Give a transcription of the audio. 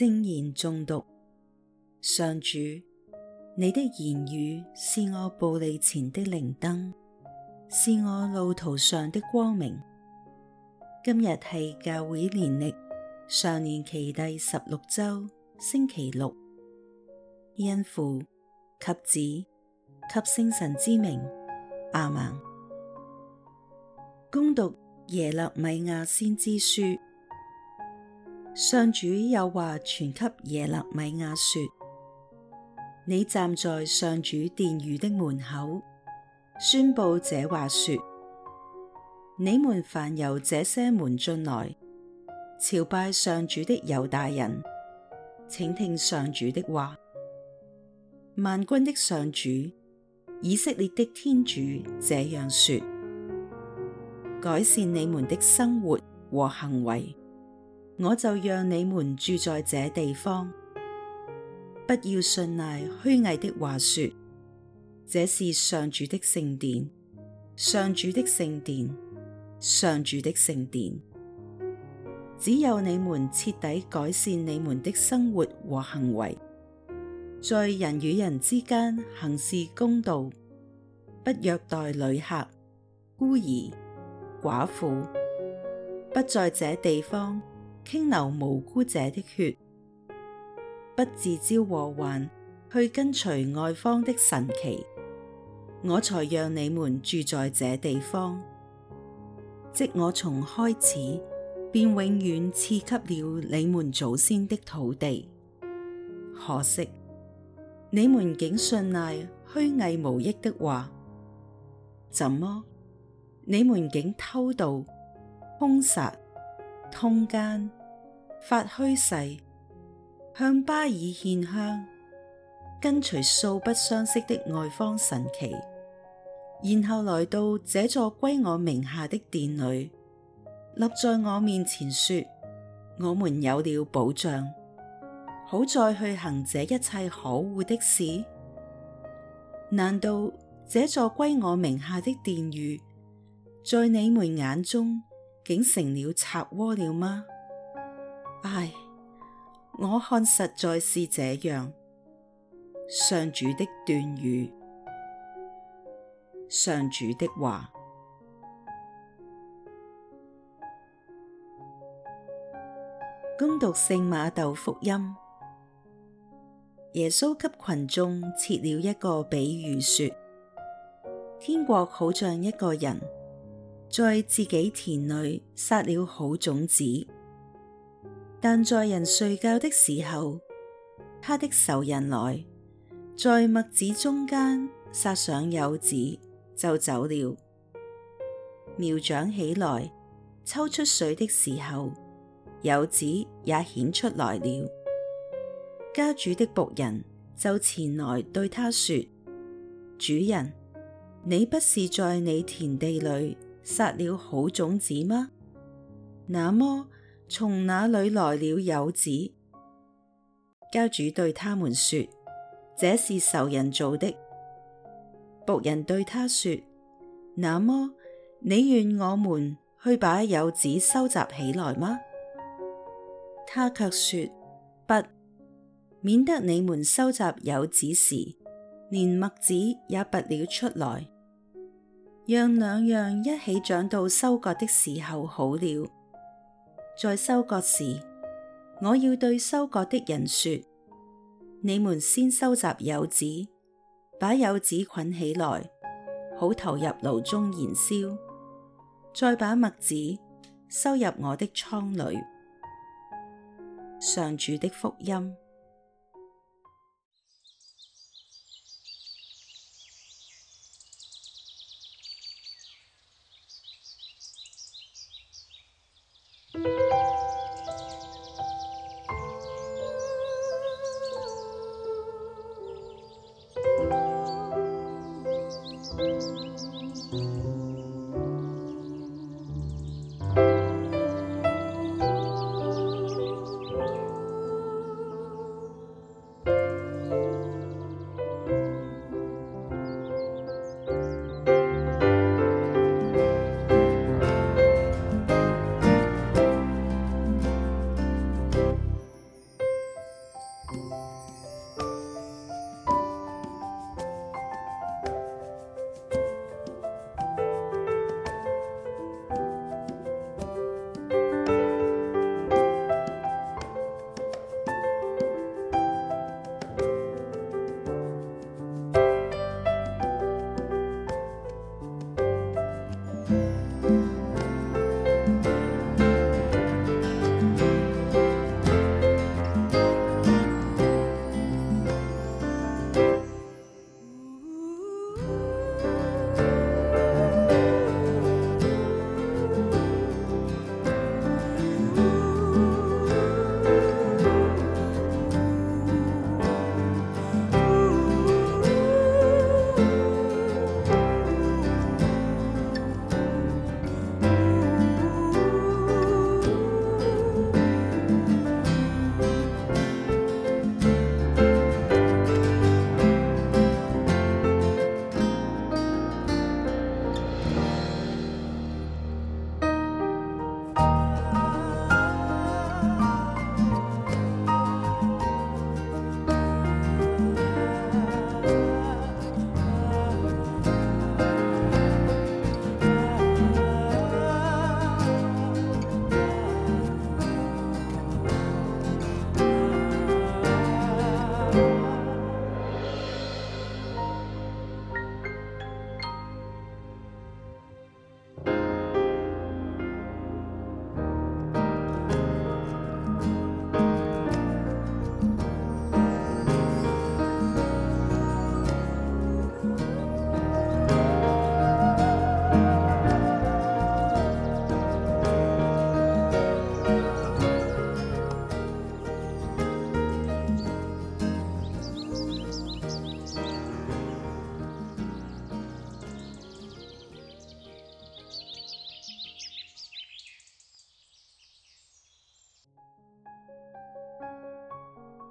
聖言誦讀，上主，你的言語是我步履前的靈燈，是我路途上的光明。今日係教會年曆常年期第十六周星期六，因父及子及聖神之名，阿門。恭讀耶肋米亞先知書。上主有話傳給耶肋米亞說：你站在上主殿宇的門口，宣佈這話說：你們凡由這些門進來，朝拜上主的猶大人，請聽上主的話。萬軍的上主，以色列的天主這樣說：改善你們的生活和行為。我就讓你們住在這地方，不要信賴虛偽的話說：這是上主的聖殿，上主的聖殿，上主的聖殿。只有你們徹底改善你們的生活和行為，在人與人之間行事公道，不虐待旅客、孤兒、寡婦，不在這地方。傾流無辜者的血，不自招禍患，去跟隨外方的神祇，我才讓你們住在這地方。即我從開始便永遠賜給了你們祖先的土地。可惜你們竟信賴虛偽無益的話，怎麼你們竟偷盜、凶殺？通姦、發虛誓、向巴耳獻香，跟隨素不相識的外方神祇，然後來到這座歸我名下的殿裏，立在我面前說：我們有了保障，好再去行這一切可惡的事。難道這座歸我名下的殿宇，在你們眼中？竟成了賊窩了嗎？唉，我看實在是這樣。上主的斷語，上主的話。恭讀聖瑪竇福音，耶穌給群眾設了一個比喻，說：天國好像一個人。在自己田裏撒了好種子，但在人睡覺的時候，他的仇人來在麥子中間撒上莠子，就走了。苗長起來，抽出穗的時候，莠子也顯出來了。家主的僕人就前來對他說：主人，你不是在你田地裏撒了好種子嗎？那麼從哪裏來了莠子？家主對他們說：這是仇人做的。僕人對他說：那麼，你願我們去把莠子收集起來嗎？他卻説：不，免得你們收集莠子時，連麥子也拔了出來。讓兩樣一起長到收割的時候好了。在收割時，我要對收割的人說：你們先收集莠子，把莠子捆起來，好投入爐中燃燒；再把麥子收入我的倉裏。上主的福音。